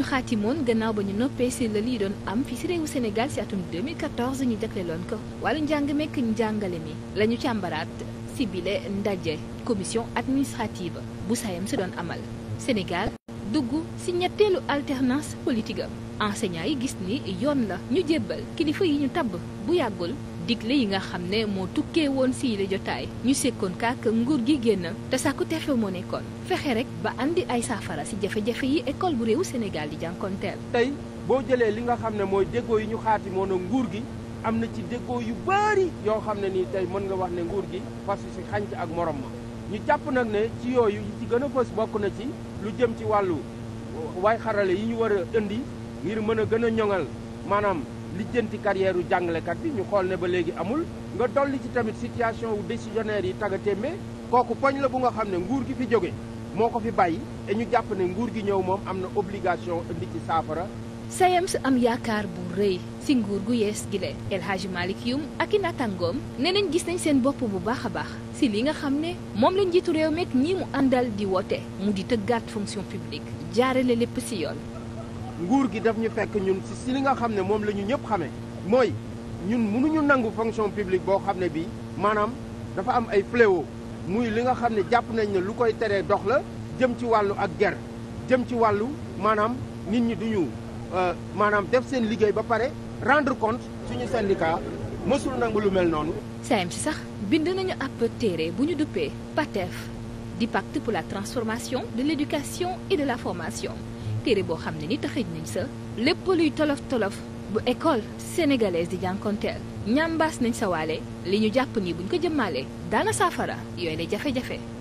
ñu xaatimoon gannaaw ba ñu noppee si la lii doon am fi si réewu Sénégal si atum 2014 ñu jagleeloon ko wala njàng mekk njàngale mi la ñu càmbaraat si bile ndaje commission administrative bu sayam si doon amal Sénégal dugg si ñetteelu alternance politique am enseignant yi gis ni yoon la ñu jébbal kilifa yi ñu tabb bu yàggul digle yi nga xam ne moo tukkee woon si la jotaay ñu sekkoon kàkk nguur gi génn te sàkku teefe moo nekkoon fexe rek ba andi ay safara si jafe-jafe yi école bu réewu Sénégal di jànkonteel. tey boo jëlee li nga xam ne mooy déggoo yi ñu xaati moo na nguur gi am na ci déggoo yu bari yoo xam ne nii tey mën nga wax ne nguur gi fasu si xànc ak morom ma ñu jàpp nag ne ci yooyu yi ci gën a fës bokk na ci lu jëm ci wàllu waay xarale yi ñu war a indi ngir mën a gën a ñoŋal maanaam lijjanti carrière yu jàngalekat bi ñu xool ne ba léegi amul nga dolli ci tamit situation wu décisionnaire yi taga témbee kooku poñ la bu nga xam ne nguur gi fi jóge moo ko fi bàyyi te ñu jàpp ne nguur gi ñëw moom am na obligation indi ci saafara si am yaakaar bu rëy si nguur gu yees gi le El Hadji ak i natangoom ne nañ gis nañ seen bopp bu baax a baax ci li nga xam ne moom la jiitu réew mekk ñi mu àndal di woote mu di tëggaat fonction publique jaarale lépp ci yoon nguur gi def ñu fekk ñun si si li nga xam ne moom la ñu ñëpp xamee mooy ñun mënuñu nangu fonction publique boo xam ne bii maanaam dafa am ay fléau muy li nga xam ne jàpp nañ ne lu koy teree dox la jëm ci wàllu ak ger jëm ci wàllu maanaam nit ñi duñu euh, maanaam def seen liggéey ba pare rendre conte suñu syndicat mësul nangu lu mel noonu. SAEMS sax bind nañu ab téere bu ñu duppee PATEF di pacte pour la transformation de l'éducation et de la formation. téere boo xam ne ni taxij nañ sa lépp luy tolof tolof bu école sénégalaise di jànkonteel ñambaas nañ sa li ñu jàpp ni buñ ko jëmmaale daana saafara yooyu la jafe-jafe